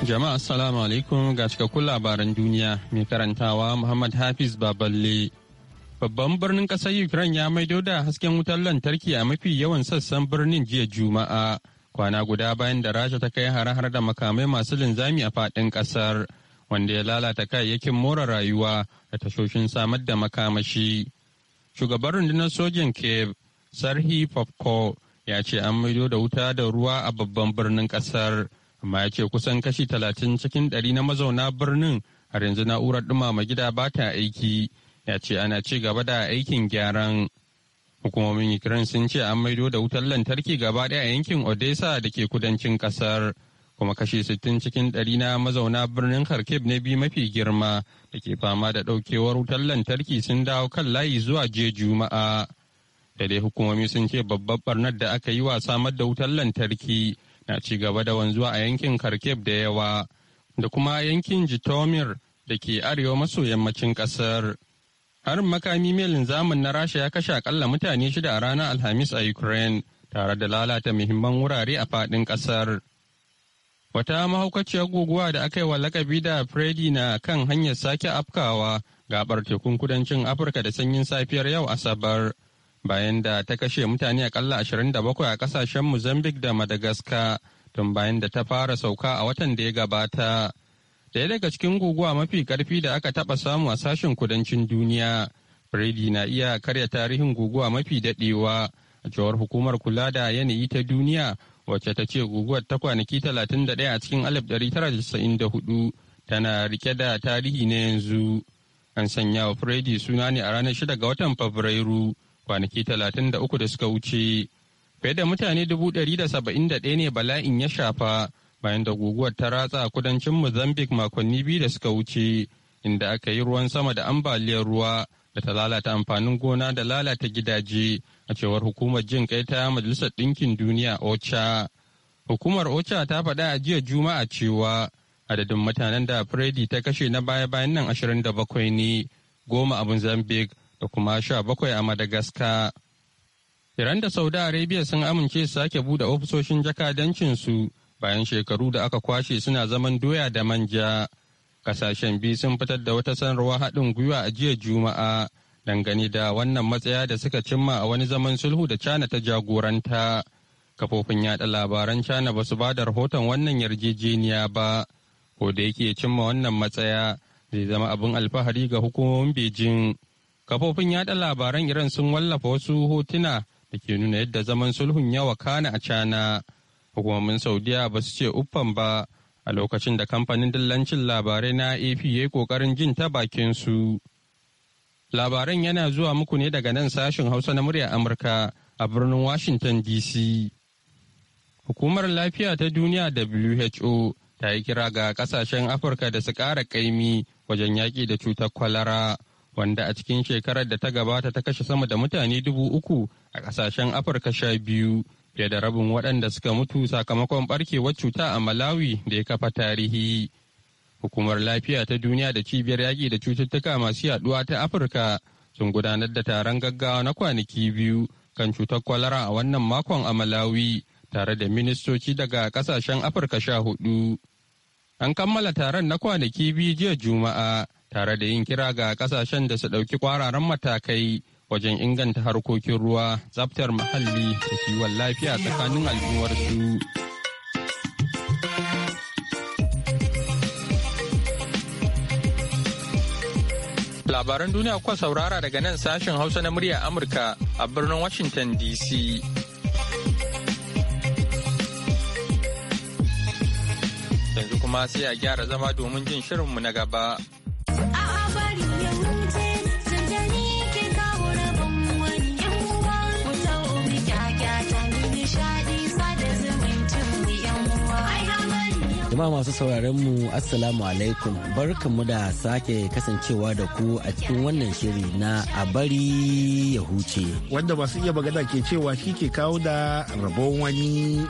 Jama'a assalamu alaikum ga cikakkun labaran duniya mai karantawa Muhammad Hafiz Baballe. Babban birnin ƙasar Ukraine ya maido da hasken wutar lantarki a mafi yawan sassan birnin jiya Juma'a. Kwana guda bayan da Rasha ta kai har-har da makamai masu linzami a faɗin ƙasar, wanda ya lalata kayayyakin more rayuwa da tashoshin samar da makamashi. Shugaban rundunar sojin Kiev, Sarhi Popko, ya ce an maido da wuta da ruwa a babban birnin ƙasar. amma ya kusan kashi talatin cikin ɗari na mazauna birnin har yanzu na'urar ɗumama gida ba ta aiki ya ce ana ci gaba da aikin gyaran hukumomin ukraine sun ce an maido da wutar lantarki gaba ɗaya a yankin odessa da ke kudancin kasar kuma kashi sittin cikin ɗari na mazauna birnin kharkiv na biyu mafi girma da ke fama da ɗaukewar wutar lantarki sun dawo kan layi zuwa je juma'a da dai hukumomi sun ce babbar barnar da aka yi wa samar da wutar lantarki na ci gaba da wanzuwa a yankin Kharkiv da yawa da kuma yankin Jitomir da ke arewa maso yammacin kasar. Harin makami mai linzamin na Rasha ya kashe akalla mutane shida a ranar Alhamis a Ukraine tare da lalata muhimman wurare a fadin kasar. Wata mahaukaciyar guguwa da aka yi wa lakabi da Freddy na kan hanyar sake afkawa gabar tekun kudancin Afirka da sanyin safiyar yau Asabar. bayan da ta kashe mutane akalla 27 a kasashen Mozambique da Madagascar tun bayan da ta fara sauka a watan da ya gabata. Daya daga cikin guguwa mafi karfi da aka taɓa samu a sashen kudancin duniya, Freddy na iya karya tarihin guguwa mafi daɗewa a cewar hukumar kula da yanayi ta duniya wacce ta ce guguwar ta kwanaki 31 a cikin 1994 tana rike da tarihi na yanzu. An sanya wa Freddy suna ne a ranar 6 ga watan Fabrairu. kwanaki talatin da uku da suka wuce fiye da mutane dubu ɗari da saba'in da ɗaya ne bala'in ya shafa bayan da guguwar ta ratsa a kudancin mozambique makonni biyu da suka wuce inda aka yi ruwan sama da ambaliyar ruwa da ta lalata amfanin gona da lalata gidaje a cewar hukumar jin kai ta majalisar ɗinkin duniya ocha hukumar ocha ta faɗa a jiya juma'a cewa adadin mutanen da freddy ta kashe na baya-bayan nan 27 ne goma a mozambique da kuma sha bakwai a Madagascar. Iran da Saudi Arabia sun amince su sake bude ofisoshin jakadancin su bayan shekaru da aka kwashe suna zaman doya da manja. Kasashen biyu sun fitar da wata sanarwar haɗin gwiwa a jiya Juma'a dangane da wannan matsaya da suka cimma a wani zaman sulhu da China ta jagoranta. Kafofin yaɗa labaran China ba su ba da rahoton wannan yarjejeniya ba, ko da yake cimma wannan matsaya zai zama abin alfahari ga hukumomin Beijing. Kafofin yaɗa labaran Iran sun wallafa wasu hotuna da ke nuna yadda zaman sulhun ya wakana a cana. Hukumomin Saudiya ba su ce uffan ba a lokacin da kamfanin dillancin labarai na AP ya yi kokarin jin ta bakin su. Labaran yana zuwa muku ne daga nan sashen Hausa na murya Amurka a birnin Washington DC. Hukumar Lafiya ta Duniya WHO ta yi kira ga kasashen Afirka da su ƙara ƙaimi wajen yaƙi da cutar kwalara. wanda a cikin shekarar da ta gabata ta kashe sama da mutane dubu uku a kasashen afirka sha biyu fiye da rabin waɗanda suka mutu sakamakon barkewar cuta a malawi da ya kafa tarihi hukumar lafiya ta duniya da cibiyar yaƙi da cututtuka masu yaɗuwa ta afirka sun gudanar da taron gaggawa na kwanaki biyu kan cutar kwalara a wannan makon a malawi tare da ministoci daga kasashen afirka sha hudu an kammala taron na kwanaki biyu jiya juma'a tare da yin kira ga kasashen da su ɗauki kwararan matakai wajen inganta harkokin ruwa tsaftar muhalli da kiwon lafiya tsakanin al'ummarsu. Labaran duniya kuwa saurara daga nan sashen Hausa na murya Amurka a birnin Washington DC. Yanzu kuma sai a gyara zama domin jin shirinmu na gaba. Jama'a masu sauraron mu Assalamu alaikum barkanmu da sake kasancewa da ku a cikin wannan shiri na a bari ya huce. Wanda masu iya magana ke cewa shi ke kawo da rabon wani.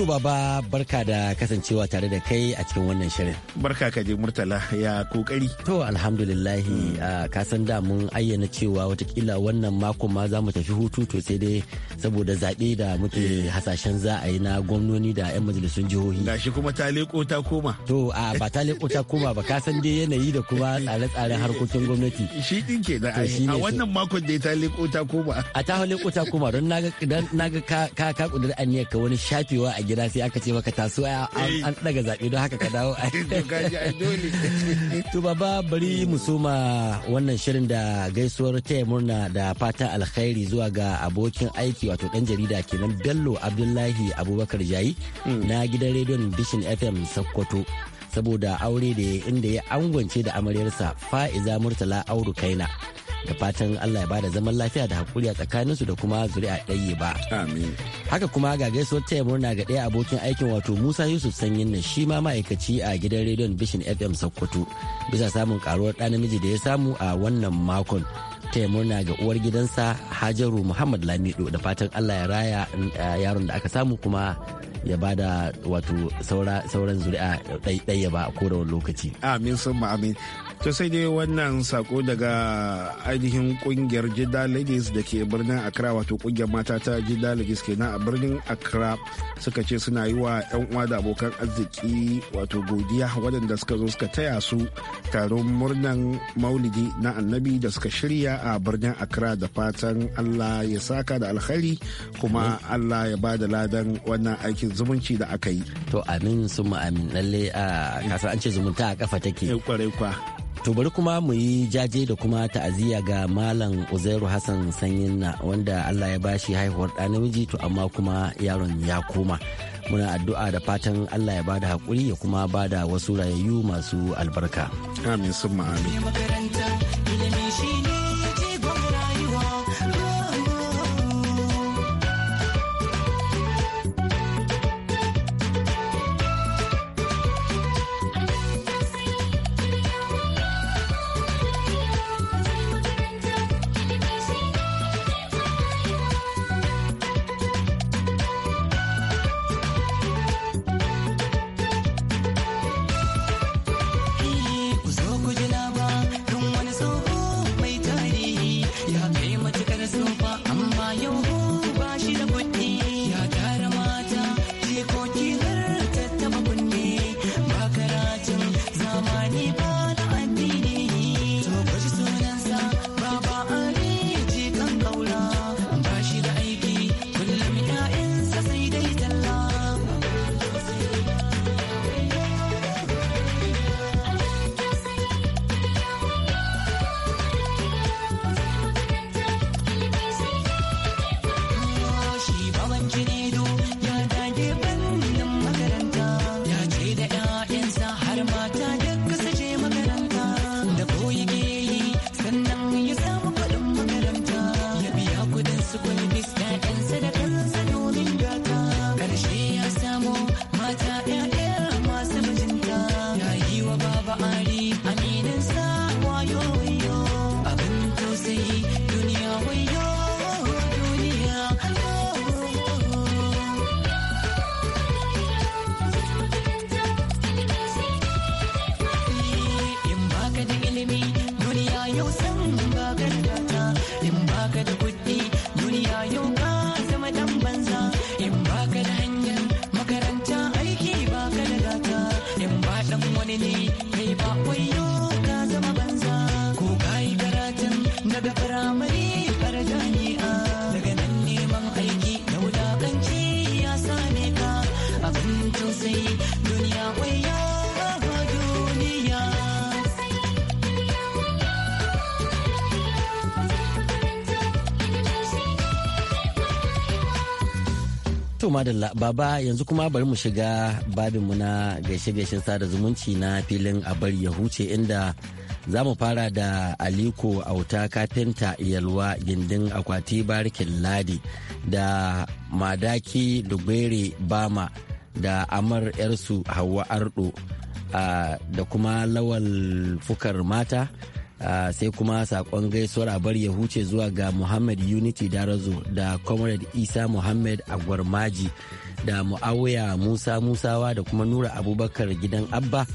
To baba barka da kasancewa tare da kai a cikin wannan shirin. Barka ka je Murtala ya kokari. To alhamdulillah hmm. ka san da mun ayyana cewa watakila wannan mako ma za mu tafi hutu to sai dai saboda zaɓe da muke eh. hasashen za a yi na gwamnoni da 'yan majalisun jihohi shi kuma ta leko ta koma to a ba ta leko ta koma ba ka san dai yanayi da kuma tsare-tsaren harkokin gwamnati shi din ke da a wannan makon da ta leko ta koma a ta leko ta koma don naga ka ka ka kudur aniyar ka wani shafewa a gida sai aka ce maka taso eh. an daga zaɓe don haka ka dawo to baba bari mu soma wannan shirin da gaisuwar taya murna da fata alkhairi zuwa ga abokin aiki wato dan jarida kenan bello abdullahi abubakar jayi mm. na gidan rediyon bishin fm sakkwato saboda aure da inda ya angwance da amaryarsa fa'iza murtala audu kaina da fatan Allah ya bada zaman lafiya da hakuri a tsakaninsu da kuma zuri'a ɗaya ba. Amin. Haka kuma ga gaisuwar taya murna ga ɗaya abokin aikin wato Musa Yusuf Sanyin na shi ma ma'aikaci a gidan rediyon Bishin FM Sokoto bisa samun karuwar ɗa namiji da ya samu a wannan makon. Taya murna ga uwar gidansa Hajaru Muhammad Lamido da fatan Allah ya raya yaron da aka samu kuma ya bada wato sauran zuri'a ɗaya ba a kowane lokaci. Amin sun amin. to sai dai wannan sako daga ainihin kungiyar jidda ladies da ke birnin accra wato kungiyar mata ta jidda ladies kenan a birnin accra suka ce suna yi wa yan uwa da abokan arziki wato godiya waɗanda suka zo suka taya su taron murnan maulidi na annabi da suka shirya a birnin accra da fatan allah ya saka da alkhairi kuma allah ya ba da ladan wannan aikin zumunci da aka yi to amin sun amin lalle a kasa an ce zumunta a kafa take eh, to bari kuma mu yi jaje da kuma ta'aziyya ga malam uzairu hassan sanyinna wanda allah ya bashi haihuwar ɗa namiji to amma kuma yaron ya koma muna addu'a da fatan allah ya bada hakuri ya kuma bada wasu rayayyu masu albarka amin sun amin To madalla baba yanzu kuma bari mu shiga mu na gaishe-gaishen sada zumunci na filin abar ya huce inda za mu fara da aliko auta kafinta yalwa gindin akwati barikin ladi da madaki dubere bama da amar yarsu hawa ardo da kuma lawal fukar mata Ah, sai kuma sakon gaisuwar a bar ya huce zuwa ga muhammad unity darazo da comrade isa muhammad agwarmaji da mu'awuya musa musawa da kuma nura abubakar gidan abba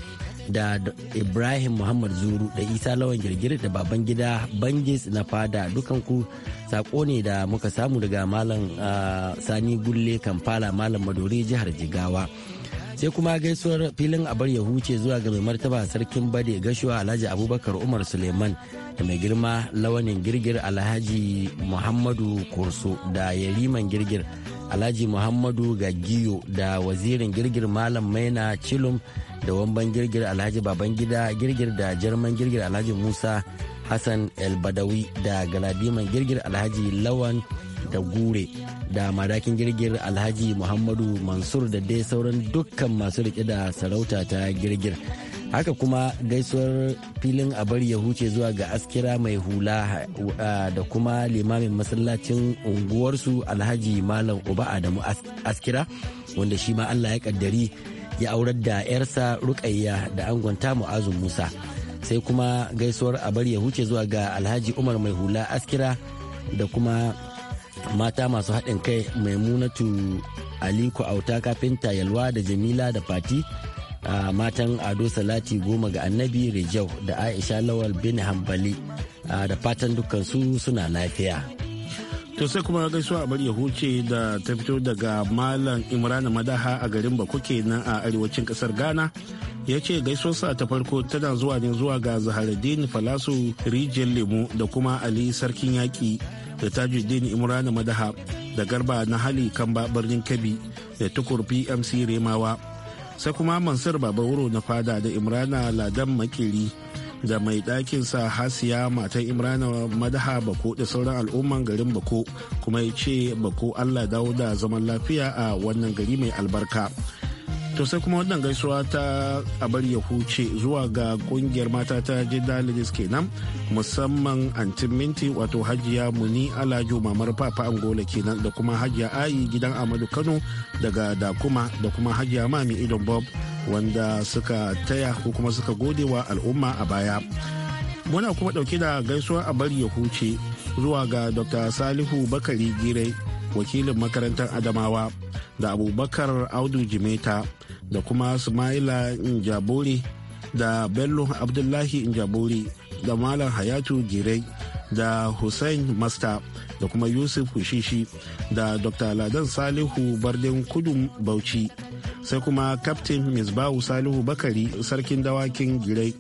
da ibrahim muhammad zuru da isa lawan girgir da baban gida bangis na fada dukanku sako ne da muka samu daga malam ah, sani gulle kampala malam madori jihar jigawa. sai kuma gaisuwar filin a bar ya huce zuwa ga mai martaba sarkin bade gashuwa alhaji abubakar umar suleiman da mai girma lawanin girgir alhaji muhammadu kurso da yariman girgir alhaji muhammadu gagiyo da wazirin girgir malam maina cilum da wamban girgir alhaji babangida girgir da jarman girgir alhaji musa hassan elbadawi da galadiman girgir alhaji lawan da gure da madakin girgir alhaji muhammadu mansur da dai sauran dukkan masu rike da sarauta ta girgir haka kuma gaisuwar filin a bari ya huce zuwa ga askira mai hula da kuma limamin masallacin unguwarsu alhaji malam uba adamu askira wanda shi ma allah ya kaddari ya aurar da 'yarsa rukayya da angonta mu'azu musa sai kuma gaisuwar a bari ya huce zuwa ga alhaji umar mai hula askira da kuma mata masu haɗin kai maimunatu aliko auta kafinta yalwa da jamila da fati a matan ado salati goma ga annabi rijau da aisha lawal bin hambali da fatan dukansu suna lafiya to sai kuma gaisuwa a bari huce da ta fito daga malam imrana madaha a garin bako kenan a arewacin kasar ghana ya ce gaisuwarsa ta farko tana zuwa ne zuwa ga zaharaddin falasu rijiyar lemu da kuma ali sarkin yaƙi da tajuddin imrana madaha da garba na hali kamba birnin kabi da tukur pmc remawa sai kuma mansur babawuro na fada da imrana ladan makiri da mai sa hasiya matan imrana madaha bako da sauran al'umman garin bako kuma ya ce bako allah dawo da zaman lafiya a wannan gari mai albarka to sai kuma wannan gaisuwa ta abar ya huce zuwa ga kungiyar mata ta jidalilis kenan musamman antin minti wato hajiya muni alajo mamar papa angola kenan da kuma hajiya ayi gidan amadu kano daga dakuma da kuma hajiya mami idon bob wanda suka taya ko kuma suka gode wa al'umma a baya muna kuma dauke da gaisuwa a bari ya huce zuwa ga dr salihu bakari gire wakilin makarantar adamawa da abubakar audu jimeta da kuma Sumaila Njabori da Bello Abdullahi Njabori da Malam Hayatu Girai da Hussein Masta da kuma Yusuf kushishi da Dr. Ladan Salihu Bardin Kudun Bauchi sai kuma Captain Misbahu Salihu Bakari Sarkin Dawakin Girai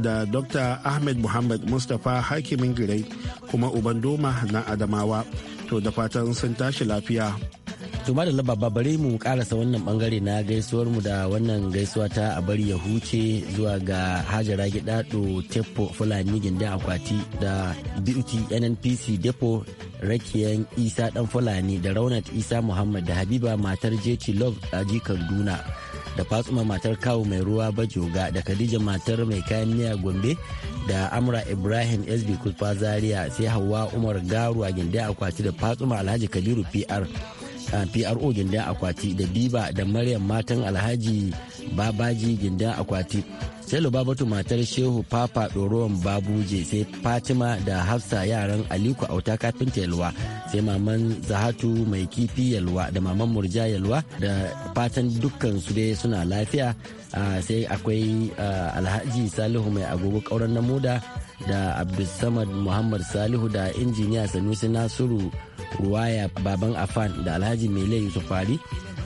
da Dr. Ahmed Muhammad Mustapha Hakimin Girai kuma Ubandoma na Adamawa to da fatan sun tashi lafiya. to da baba bare mu karasa wannan bangare na gaisuwar mu da wannan gaisuwa ta a bari ya huce zuwa ga hajara gidado tepo fulani gindin akwati da duty nnpc depo rakiyan isa dan fulani da raunat isa muhammad da habiba matar jeci love a jikan duna da fatsuma matar kawo mai ruwa bajoga da khadija matar mai kayan miya gombe da amra ibrahim sb kufa zaria sai hawa umar garu a gindin akwati da fatsuma alhaji kabiru pr pro gindin akwati da biba da maryam matan alhaji babaji gindin akwati sai lubabatu matar shehu papa ɗorowan babuje sai fatima da hafsa yaran aliku auta kafinta yalwa sai maman zahatu mai kifi yalwa da maman murja yalwa da fatan dukkan su dai suna lafiya sai akwai alhaji salihu mai agogo kauran namuda da abdulsamad muhammad salihu da injiniya sanusi nasiru ruwaya baban afan da alhaji mele yusuf fari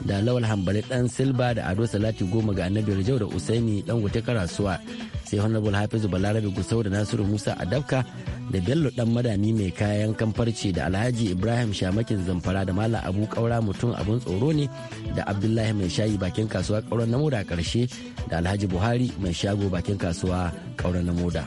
da lawal hambali dan silba da ado salati goma ga annabi rajau da usaini dan gute karasuwa sai honorable hafizu balarabe gusau da nasiru musa adabka da bello dan madani mai kayan kamfarci da alhaji ibrahim shamakin zamfara da malam abu kaura mutum abun tsoro ne da abdullahi mai shayi bakin kasuwa kauran na moda karshe da alhaji buhari mai shago bakin kasuwa kauran na moda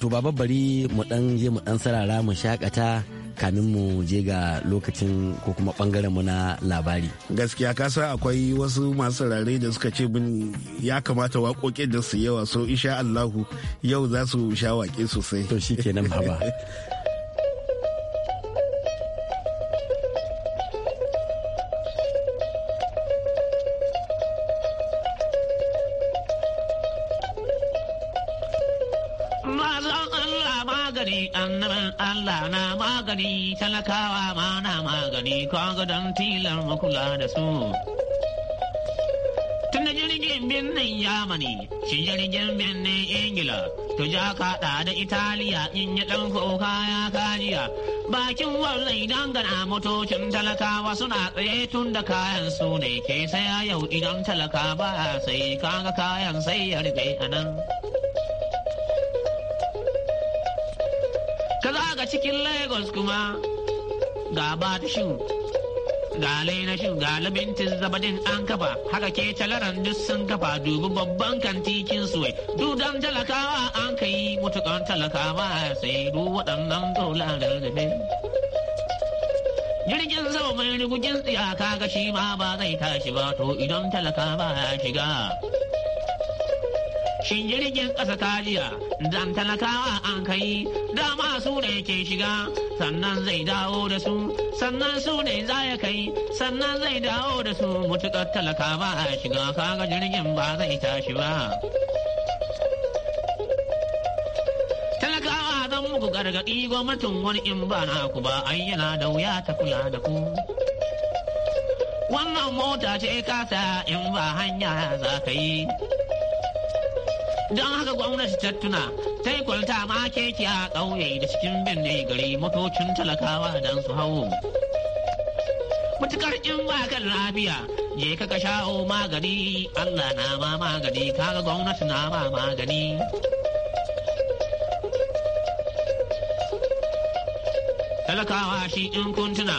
to baba bari mu dan je mu dan sarara mu shakata kamin mu je ga lokacin ko kuma bangaren mu na labari gaskiya ka san akwai wasu masu rare da suka ce min ya kamata waƙoƙin da su yawa so insha Allahu yau za su sha waƙe sosai to shikenan baba talakawa ma na magani kaga don tilar makula da su. Tun da jirgin birnin Yamani, shi jirgin birnin Ingila, to ja kaɗa da Italiya in yi ɗan kuka ya kajiya. Bakin wannan idan gana motocin talakawa suna tsaye tun da kayan su ne ke saya yau idan talaka ba sai kaga kayan sai ya rufe a nan. ka ga cikin lagos kuma ga batishin ga lainashin ga labintin zabadin an kafa haka ke talaran duk sun kafa dubi babban kantikin suwai dudan talakawa an ka yi mutukan talakawa sai du waɗannan dolarar da ne jirgin sama mai rigujin tsiyaka ga shi ma ba zai tashi ba to idan talakawa ya shiga shin jirgin ƙasa ta jiya dan talakawa an kai dama su da yake shiga sannan zai dawo da su sannan su ne za ya kai sannan zai dawo da su mutuƙar talaka ba a shiga kaga jirgin ba zai tashi ba talakawa zan muku gargaɗi gwamnatin wani in ba na ku ba yana da wuya ta kula da ku wannan mota ce kasa in ba hanya za ka yi don haka gwamnati ta tuna ta yi kwalta ma keke a ƙauye da cikin birni gari motocin talakawa don su hau mutukar in ba kan lafiya je ka kasha o magani allah na ma magani kaga gwamnati na ma magani talakawa shi in kuntuna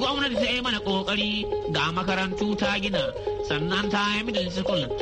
gwamnati ta yi mana ƙoƙari ga makarantu ta gina sannan ta yi middle school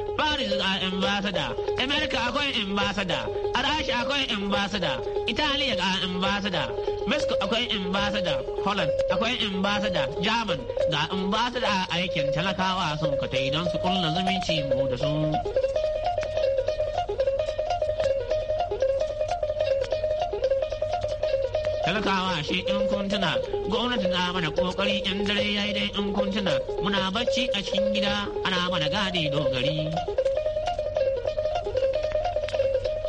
Paris a uh, ambassador, America akwai ambassador, Arashi akwai ambassador, Italiya a uh, ambassador, Mexico akwai ambassador, Holland akwai ambassador, German ga ambassador a aikin talakawa sun ka don su kulla zumunci mu da su. talakawa shi in kuntuna gwamnati na mana kokari yan dare yayi yi in kuntuna muna bacci a cikin gida ana mana gadi dogari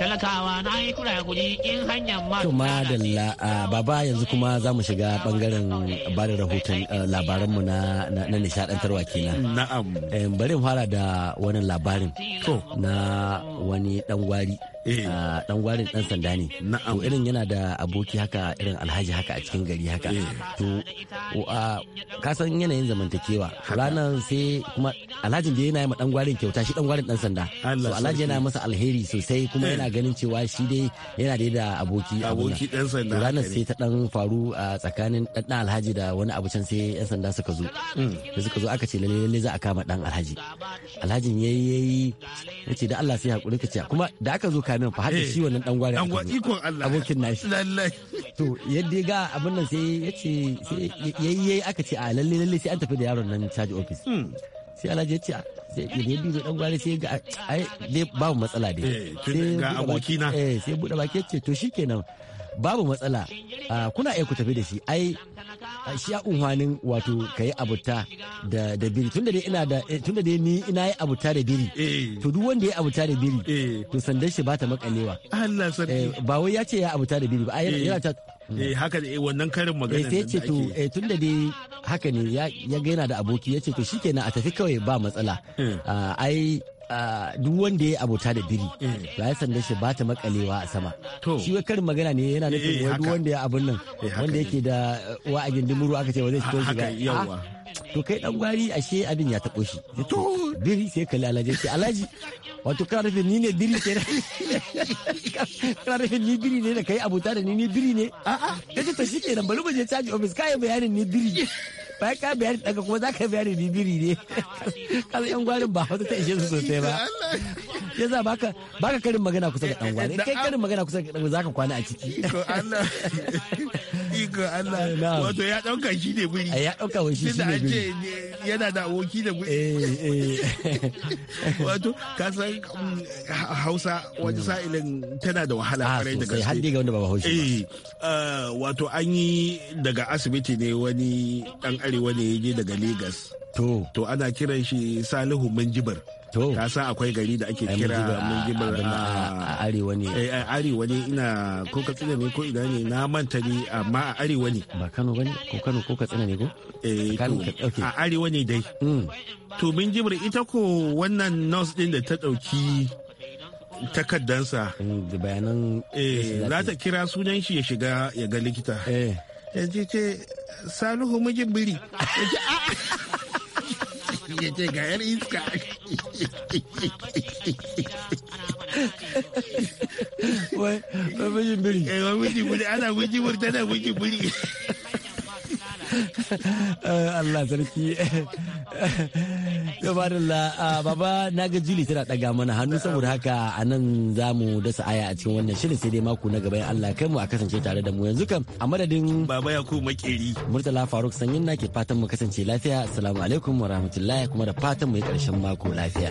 talakawa na yi kura guji in hanyar ma to da baba yanzu kuma za mu shiga bangaren ba da rahoton labaranmu na na nishadantarwa kenan na'am bari mu fara da wani labarin na wani dan gwari Eh. Ah, dan gwarin dan sanda ne to irin yana da aboki haka irin alhaji haka a cikin gari haka eh. to ka san yanayin zamantakewa ranar sai kuma alhajin da yana yi ma dan gwarin kyauta shi dan gwarin dan sanda so alhaji yana masa alheri sosai kuma eh. yana ganin cewa shi dai yana da da aboki aboki dan sanda ranar sai ta dan faru a tsakanin dan alhaji da wani abu can sai yan sanda suka zo mm. suka zo aka ce lalle za a kama dan alhaji alhajin yayi yayi yace da Allah sai hakuri kace kuma da aka zo kanin fa haɗe shi wannan dan gwari ikon Allah abokin nashi lallai to yadda ga abin nan sai yace sai yayi aka ce a lalle lalle sai an tafi da yaron nan charge office hmm. sai alhaji ce sai ya duba dan gwari sai ga ai dai babu matsala dai eh, sai ga aboki na eh sai bude baki ce to shikenan babu matsala ah, kuna iya ku tafi da shi ai shi ya unhwanin wato ka yi abuta da biri tun da dai ina da eh, tun da dai ni ina yi abuta da biri eh. to duk wanda ya abuta da biri eh. to sandan shi ba ta makalewa ba wai ya ce ya abuta da biri ba yana ta eh haka da wannan karin magana da ake to eh da dai haka ne ya gaina yana da aboki ya ce to shikenan a tafi kawai ba matsala ah, ai duk wanda ya abota da biri ba mm. ya sanda shi ba ta makalewa a sama shi wai karin magana ne yana eh, nufin wai duk wanda ya abun nan eh, wanda yake da uh, wa a gindimuru aka ce wa zai fito shiga ah, to kai dan gwari ashe abin ya taɓo shi to biri sai kalli alaji ce alaji wato kana nufin ni ne biri ke kana nufin ni biri ne da kai abota da ni ne biri ne a'a kace to shikenan bari mu je caji office kai bayanin ni biri bayan ka bayani ka kuma za ka biya bayani bibiri ne kaza yan gwanin ba wata ta ishe su sosai ba ya za baka baka karin magana kusa ga ɗan gwarin kai karin magana kusa ga gwarin za ka kwana a ciki iko Allah iko Allah ah, wato ya dauka shi ne biri ya dauka wa shi ne biri yana da woki da biri eh, eh. wato ka san mm, Hausa wani mm. sa'ilin tana da wahala ah, kwarai da gaske haddi ga wanda ba Hausa eh, wato an yi daga asibiti ne wani arewa ne ya je daga Legas. To. To ana kiran shi Salihu Minjibar. To. Ka san akwai gari da ake kira Minjibar a arewa ne. Eh, a arewa ne ina ko Katsina ne ko ina ne na manta ne amma a arewa ne. Ba Kano bane ko Kano ko Katsina ne ko? Eh to a arewa ne dai. Mm. To Minjibar ita ko wannan nurse din da ta dauki takardansa. Mm, bayanan. Eh za ta kira sunan shi ya shiga ya ga likita. Eh. ya ce ce salihu mijin biri ya ce ga yar iska wai mijin biri eh wai mijin biri ana mijin biri tana mijin biri Allah sarki Yabarilla baba na ga Julie tana daga mana hannu saboda haka a nan za mu dasa aya a cikin wannan shirin sai dai mako na gaba in Allah kai mu a kasance tare da mu yanzu kam a madadin Baba Yakubu Makeri Murtala Faruk Sanyin na ke fatan mu kasance lafiya assalamu alaikum wa rahmatullahi kuma da fatan mu yi karshen mako lafiya.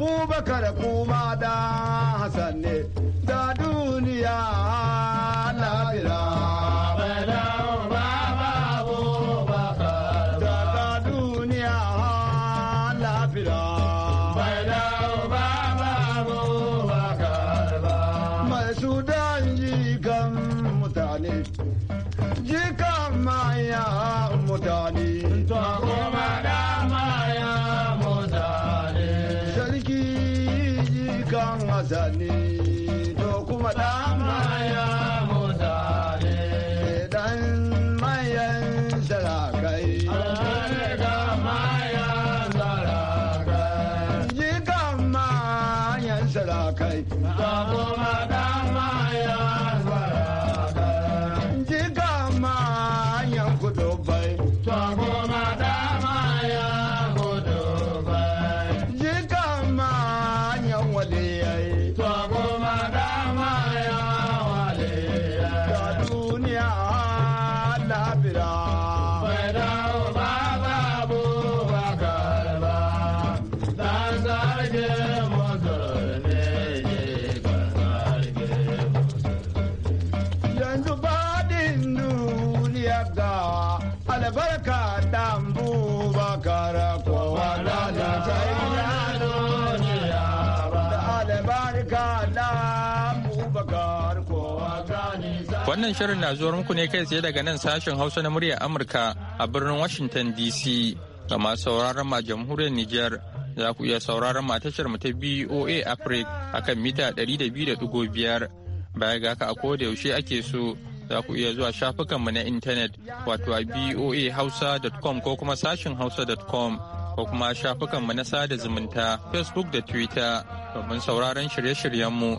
abubakar kuma da hassan ne da duniya labira Wannan shirin na zuwar muku ne kai tsaye daga nan sashen Hausa na murya Amurka a birnin Washington DC. Ga masu sauraron ma jamhuriyar Nijar za ku iya sauraron ma tashar mu ta BOA Africa akan mita 200.5. Baya ga ka a koda yaushe ake so za ku iya zuwa shafukan mu na intanet wato a boahausa.com ko kuma sashin hausa.com ko kuma mu na sada zumunta facebook da twitter domin sauraron shirye shiryen mu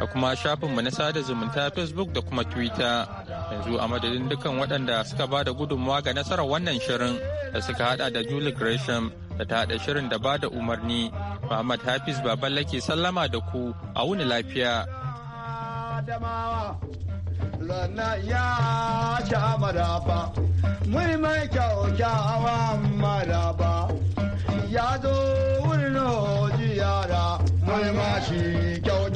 da kuma shafin mu na sada zumunta facebook da kuma twitter yanzu a madadin dukkan waɗanda suka ba da gudunmawa ga nasarar wannan shirin da suka hada da julie gresham da ta hada shirin da ba da umarni muhammad hafiz baban lake sallama da ku a wuni lafiya ya zo wurin mai kyau